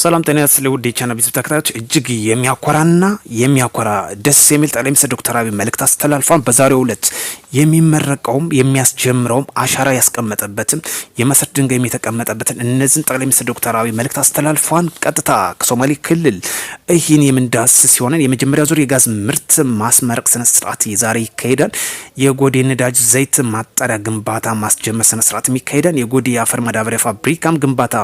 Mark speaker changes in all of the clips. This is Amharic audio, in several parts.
Speaker 1: ሰላም ጤና ያስ ለውድ የቻና ቤተሰብ ተከታዮች እጅግ የሚያኮራና የሚያኮራ ደስ የሚል ጠቅላይ ሚኒስትር ዶክተር አብይ መልእክት አስተላልፏል። በዛሬው ዕለት የሚመረቀውም የሚያስጀምረውም አሻራ ያስቀመጠበትም የመሰረት ድንጋይም የተቀመጠበትን እነዚህን ጠቅላይ ሚኒስትር ዶክተር አብይ መልእክት አስተላልፏል። ቀጥታ ከሶማሌ ክልል ይህን የምንዳስ ሲሆነን የመጀመሪያ ዙር የጋዝ ምርት ማስመረቅ ስነ ስርዓት የዛሬ ይካሄዳል። የጎዴ ነዳጅ ዘይት ማጣሪያ ግንባታ ማስጀመር ስነ ስርዓት ይካሄዳል። የጎዴ የአፈር ማዳበሪያ ፋብሪካም ግንባታ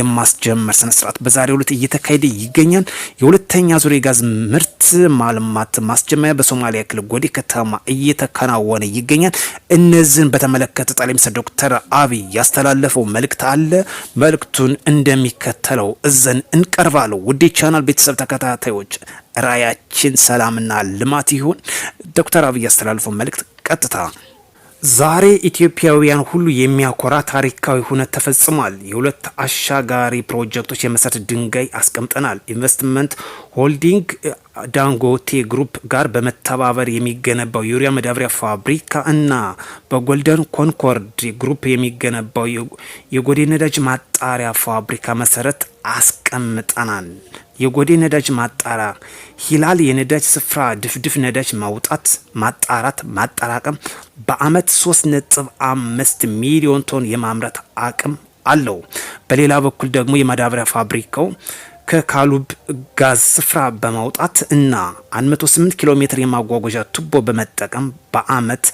Speaker 1: የማስጀመር ስነ ስርዓት በዛሬው ዕለት እየተካሄደ ይገኛል። የሁለተኛ ዙር የጋዝ ምርት ማልማት ማስጀመሪያ በሶማሊያ ክልል ጎዴ ከተማ እየተከናወነ ይገኛል። እነዚህን በተመለከተ ጠቅላይ ሚኒስትር ዶክተር አብይ ያስተላለፈው መልእክት አለ። መልእክቱን እንደሚከተለው እዘን እንቀርባለሁ። ውዴ ቻናል ቤተሰብ ተከታታዮች ራያችን ሰላምና ልማት ይሁን። ዶክተር አብይ ያስተላልፈው መልእክት ቀጥታ ዛሬ ኢትዮጵያውያን ሁሉ የሚያኮራ ታሪካዊ ሁነት ተፈጽሟል። የሁለት አሻጋሪ ፕሮጀክቶች የመሰረት ድንጋይ አስቀምጠናል። ኢንቨስትመንት ሆልዲንግ ዳንጎቴ ግሩፕ ጋር በመተባበር የሚገነባው የዩሪያ መዳበሪያ ፋብሪካ እና በጎልደን ኮንኮርድ ግሩፕ የሚገነባው የጎዴ ነዳጅ ማጣሪያ ፋብሪካ መሰረት አስቀምጠናል የጎዴ ነዳጅ ማጣራ ሂላል የነዳጅ ስፍራ ድፍድፍ ነዳጅ ማውጣት ማጣራት ማጠራቀም በአመት 3.5 ሚሊዮን ቶን የማምረት አቅም አለው። በሌላ በኩል ደግሞ የማዳበሪያ ፋብሪካው ከካሉብ ጋዝ ስፍራ በማውጣት እና 18 ኪሎ ሜትር የማጓጓዣ ቱቦ በመጠቀም በአመት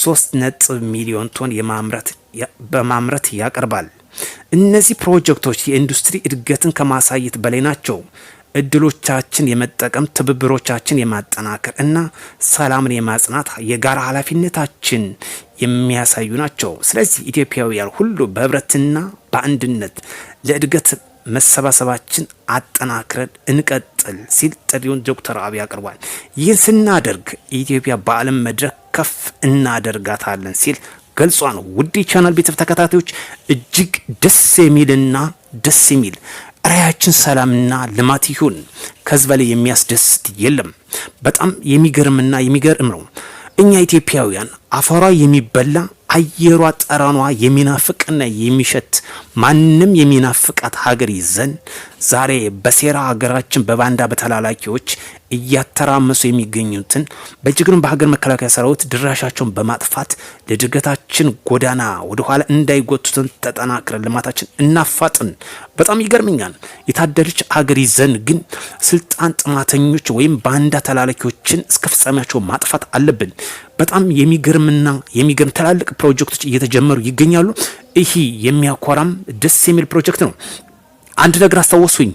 Speaker 1: 3 ነጥብ ሚሊዮን ቶን በማምረት ያቀርባል። እነዚህ ፕሮጀክቶች የኢንዱስትሪ እድገትን ከማሳየት በላይ ናቸው። እድሎቻችን የመጠቀም ትብብሮቻችን የማጠናከር እና ሰላምን የማጽናት የጋራ ኃላፊነታችን የሚያሳዩ ናቸው። ስለዚህ ኢትዮጵያውያን ሁሉ በህብረትና በአንድነት ለእድገት መሰባሰባችን አጠናክረን እንቀጥል ሲል ጥሪውን ዶክተር አብይ አቅርቧል። ይህን ስናደርግ ኢትዮጵያ በዓለም መድረክ ከፍ እናደርጋታለን ሲል ገልጿ ነው። ውድ ቻናል ቤተሰብ ተከታታዮች እጅግ ደስ የሚልና ደስ የሚል ራያችን ሰላምና ልማት ይሁን። ከዚህ በላይ የሚያስደስት የለም። በጣም የሚገርምና የሚገርም ነው። እኛ ኢትዮጵያውያን አፈሯ የሚበላ አየሯ ጠረኗ የሚናፍቅና የሚሸት ማንም የሚናፍቃት ሀገር ይዘን ዛሬ በሴራ ሀገራችን በባንዳ በተላላኪዎች እያተራመሱ የሚገኙትን በእጅግንም በሀገር መከላከያ ሰራዊት ድራሻቸውን በማጥፋት ለድገታችን ጎዳና ወደኋላ እንዳይጎቱትን ተጠናክረን ልማታችን እናፋጥን። በጣም ይገርምኛል። የታደለች አገር ይዘን ግን ስልጣን ጥማተኞች ወይም ባንዳ ተላላኪዎችን እስከ ፍጻሜያቸው ማጥፋት አለብን። በጣም የሚገርምና የሚገርም ትላልቅ ፕሮጀክቶች እየተጀመሩ ይገኛሉ። ይህ የሚያኮራም ደስ የሚል ፕሮጀክት ነው። አንድ ነገር አስታወሱኝ።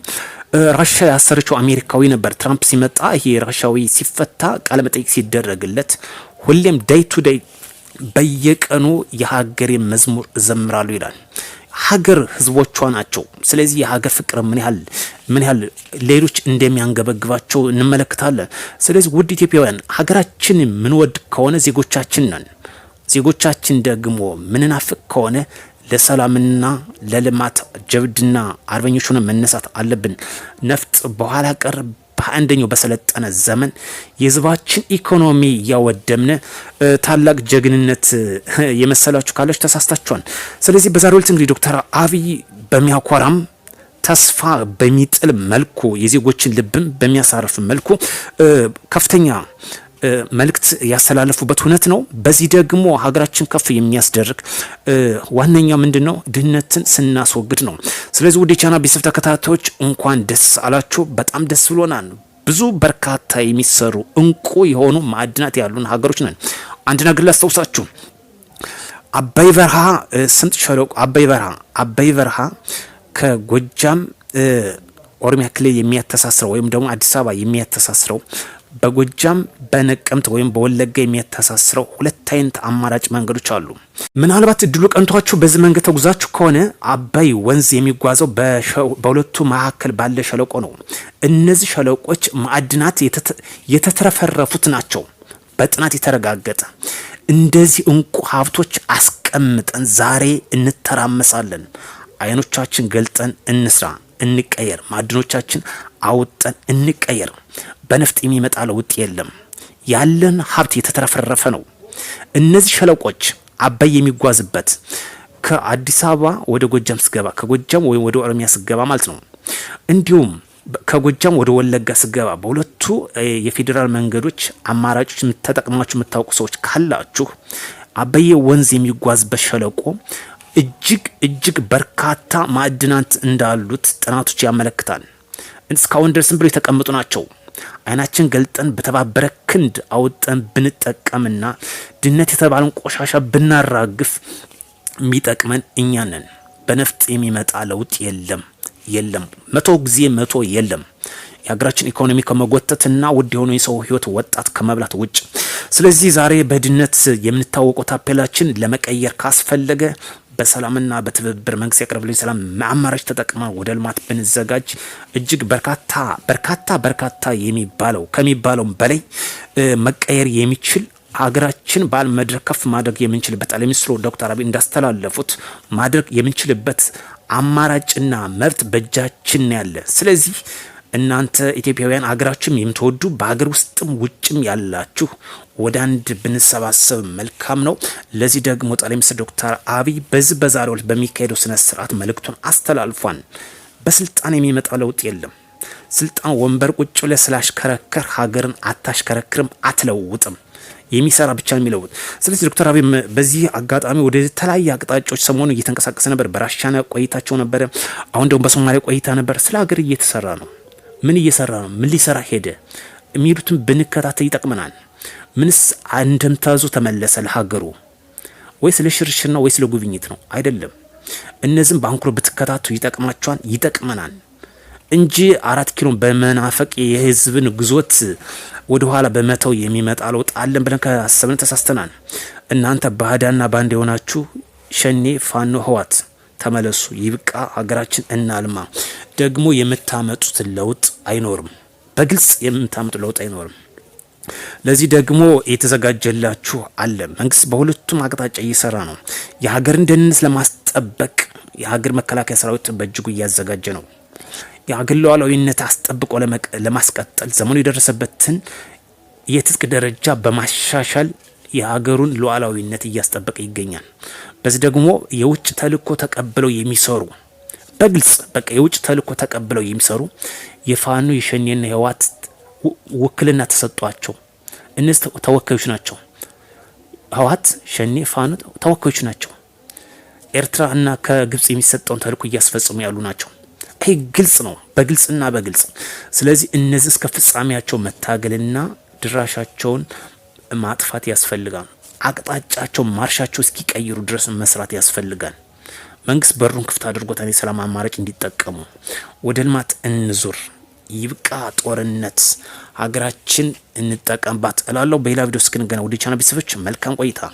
Speaker 1: ራሻ ያሰረችው አሜሪካዊ ነበር። ትራምፕ ሲመጣ ይሄ ራሻዊ ሲፈታ ቃለ መጠይቅ ሲደረግለት ሁሌም ዴይ ቱ ዴይ በየቀኑ የሀገሬ መዝሙር እዘምራሉ ይላል። ሀገር ህዝቦቿ ናቸው። ስለዚህ የሀገር ፍቅር ምን ያህል ምን ያህል ሌሎች እንደሚያንገበግባቸው እንመለከታለን። ስለዚህ ውድ ኢትዮጵያውያን ሀገራችን ምንወድ ከሆነ ዜጎቻችን ነን። ዜጎቻችን ደግሞ ምንናፍቅ ከሆነ ለሰላምና ለልማት ጀብድና አርበኞች መነሳት አለብን። ነፍጥ በኋላ ቀር በአንደኛው በሰለጠነ ዘመን የህዝባችን ኢኮኖሚ እያወደምነ ታላቅ ጀግንነት የመሰላችሁ ካለች ተሳስታችኋል። ስለዚህ በዛሬው ዕለት እንግዲህ ዶክተር አብይ በሚያኮራም ተስፋ በሚጥል መልኩ የዜጎችን ልብም በሚያሳርፍ መልኩ ከፍተኛ መልእክት ያስተላለፉበት እውነት ነው። በዚህ ደግሞ ሀገራችን ከፍ የሚያስደርግ ዋነኛ ምንድን ነው ድህነትን ስናስወግድ ነው። ስለዚህ ውድ የቻና ቤተሰብ ተከታታዮች እንኳን ደስ አላችሁ። በጣም ደስ ብሎናል። ብዙ በርካታ የሚሰሩ እንቁ የሆኑ ማዕድናት ያሉን ሀገሮች ነን። አንድ ነገር ላስታውሳችሁ፣ አባይ በረሃ ስምጥ ሸለቆ አባይ በረሃ አባይ በረሃ ከጎጃም ኦሮሚያ ክልል የሚያተሳስረው ወይም ደግሞ አዲስ አበባ የሚያተሳስረው በጎጃም በነቀምት ወይም በወለጋ የሚያተሳስረው ሁለት አይነት አማራጭ መንገዶች አሉ። ምናልባት እድሉ ቀንቷችሁ በዚህ መንገድ ተጉዛችሁ ከሆነ አባይ ወንዝ የሚጓዘው በሁለቱ መካከል ባለ ሸለቆ ነው። እነዚህ ሸለቆች ማዕድናት የተትረፈረፉት ናቸው፣ በጥናት የተረጋገጠ። እንደዚህ እንቁ ሀብቶች አስቀምጠን ዛሬ እንተራመሳለን። አይኖቻችን ገልጠን እንስራ፣ እንቀየር። ማዕድኖቻችን አውጠን እንቀየር። በነፍጥ የሚመጣ ለውጥ የለም። ያለን ሀብት የተትረፈረፈ ነው። እነዚህ ሸለቆች አባይ የሚጓዝበት ከአዲስ አበባ ወደ ጎጃም ስገባ፣ ከጎጃም ወይም ወደ ኦሮሚያ ስገባ ማለት ነው። እንዲሁም ከጎጃም ወደ ወለጋ ስገባ በሁለቱ የፌዴራል መንገዶች አማራጮች ተጠቅማችሁ የምታውቁ ሰዎች ካላችሁ አባይ ወንዝ የሚጓዝበት ሸለቆ እጅግ እጅግ በርካታ ማዕድናት እንዳሉት ጥናቶች ያመለክታል። እስካሁን ድረስም ብሎ የተቀመጡ ናቸው። አይናችን ገልጠን በተባበረ ክንድ አውጠን ብንጠቀምና ድነት የተባለን ቆሻሻ ብናራግፍ የሚጠቅመን እኛ ነን። በነፍጥ የሚመጣ ለውጥ የለም የለም። መቶ ጊዜ መቶ የለም። የሀገራችን ኢኮኖሚ ከመጎተትና ውድ የሆነ የሰው ህይወት ወጣት ከመብላት ውጭ። ስለዚህ ዛሬ በድህነት የምንታወቀው ታፔላችን ለመቀየር ካስፈለገ በሰላምና በትብብር መንግስት ያቀረበልኝ ሰላም አማራጭ ተጠቅመን ወደ ልማት ብንዘጋጅ እጅግ በርካታ በርካታ በርካታ የሚባለው ከሚባለው በላይ መቀየር የሚችል ሀገራችን በዓለም መድረክ ከፍ ማድረግ የምንችልበት ጠቅላይ ሚኒስትሩ ዶክተር አብይ እንዳስተላለፉት ማድረግ የምንችልበት አማራጭና መብት በእጃችን ያለ ስለዚህ እናንተ ኢትዮጵያውያን አገራችሁም የምትወዱ በሀገር ውስጥም ውጭም ያላችሁ ወደ አንድ ብንሰባሰብ መልካም ነው። ለዚህ ደግሞ ጠቅላይ ሚኒስትር ዶክተር አብይ በዚህ በዛሬው ዕለት በሚካሄደው ስነ ስርዓት መልእክቱን አስተላልፏል። በስልጣን የሚመጣ ለውጥ የለም። ስልጣን ወንበር ቁጭ ብለህ ስላሽከረከር ሀገርን አታሽከረክርም፣ አትለውጥም። የሚሰራ ብቻ ነው የሚለውጥ። ስለዚህ ዶክተር አብይ በዚህ አጋጣሚ ወደ ተለያየ አቅጣጫዎች ሰሞኑ እየተንቀሳቀሰ ነበር። በራሻና ቆይታቸው ነበረ። አሁን ደግሞ በሶማሊያ ቆይታ ነበር። ስለ ሀገር እየተሰራ ነው ምን እየሰራ ነው? ምን ሊሰራ ሄደ? የሚሉትን ብንከታተል ይጠቅመናል። ምንስ አንድምታዙ ተመለሰ ለሀገሩ? ወይስ ለሽርሽር ነው? ወይስ ለጉብኝት ነው? አይደለም። እነዚህም በአንኩሮ ብትከታቱ ይጠቅማቸዋል፣ ይጠቅመናል እንጂ አራት ኪሎ በመናፈቅ የህዝብን ግዞት ወደኋላ በመተው የሚመጣ ለውጥ አለን ብለን ከሰብን ተሳስተናል። እናንተ ባህዳና ባንድ የሆናችሁ ሸኔ፣ ፋኖ፣ ህዋት ተመለሱ፣ ይብቃ፣ ሀገራችን እናልማ። ደግሞ የምታመጡትን ለውጥ አይኖርም። በግልጽ የምታመጡ ለውጥ አይኖርም። ለዚህ ደግሞ የተዘጋጀላችሁ አለ። መንግስት በሁለቱም አቅጣጫ እየሰራ ነው። የሀገርን ደህንነት ለማስጠበቅ የሀገር መከላከያ ሰራዊት በእጅጉ እያዘጋጀ ነው። የሀገር ሉዓላዊነት አስጠብቆ ለማስቀጠል ዘመኑ የደረሰበትን የትጥቅ ደረጃ በማሻሻል የሀገሩን ሉዓላዊነት እያስጠበቀ ይገኛል። በዚህ ደግሞ የውጭ ተልዕኮ ተቀብለው የሚሰሩ በግልጽ በቃ የውጭ ተልእኮ ተቀብለው የሚሰሩ የፋኖ የሸኔና የህወሓት ውክልና ተሰጧቸው እነዚህ ተወካዮች ናቸው። ህወሓት፣ ሸኔ፣ ፋኖ ተወካዮች ናቸው። ኤርትራ እና ከግብጽ የሚሰጠውን ተልእኮ እያስፈጸሙ ያሉ ናቸው። ይህ ግልጽ ነው፣ በግልጽና በግልጽ ስለዚህ እነዚህ እስከ ፍጻሜያቸው መታገልና ድራሻቸውን ማጥፋት ያስፈልጋል። አቅጣጫቸው ማርሻቸው እስኪቀይሩ ድረስ መስራት ያስፈልጋል። መንግስት በሩን ክፍት አድርጎታል የሰላም አማራጭ እንዲጠቀሙ። ወደ ልማት እንዙር፣ ይብቃ ጦርነት፣ ሀገራችን እንጠቀምባት እላለሁ። በሌላ ቪዲዮ እስክንገና ወደ ቻና ቤተሰቦች መልካም ቆይታ